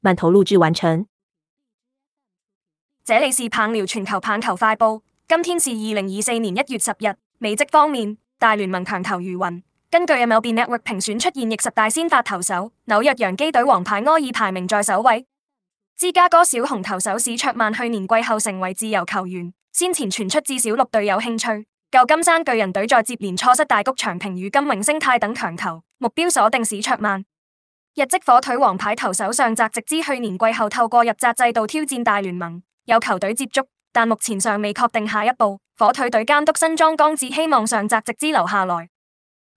慢投錄製完成。這裏是棒聊全球棒球快報。今天是二零二四年一月十日。美職方面，大聯盟強投如雲，根據 MLB Network 評選出現役十大先發投手，紐約洋基隊王牌柯爾排名在首位。芝加哥小熊投手史卓曼去年季後成為自由球員，先前傳出至少六隊有興趣。舊金山巨人隊在接連錯失大谷翔平、今永昇太等強投，目標鎖定史卓曼。日職火腿王牌投手上澤直之去年季後透過入閘制度挑戰大聯盟，有球隊接觸，但目前尚未確定下一步。火腿隊監督新莊剛志希望上澤直之留下來。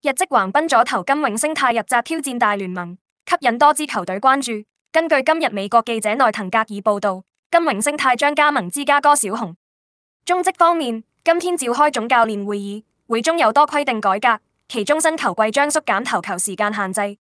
日職橫濱左投今永昇太入閘挑戰大聯盟，吸引多支球隊關注。根據今日美國記者內藤格爾報道，今永昇太將加盟芝加哥小熊。中職方面，今天召開總教練會議，會中有多規定改革，其中新球季將縮減投球時間限制。